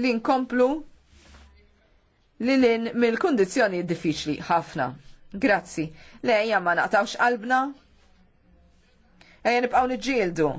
li nkomplu li lin mill-kondizjoni diffiċli ħafna. Grazzi. Lejja ma naqtawx qalbna. Ejja nibqaw niġġieldu.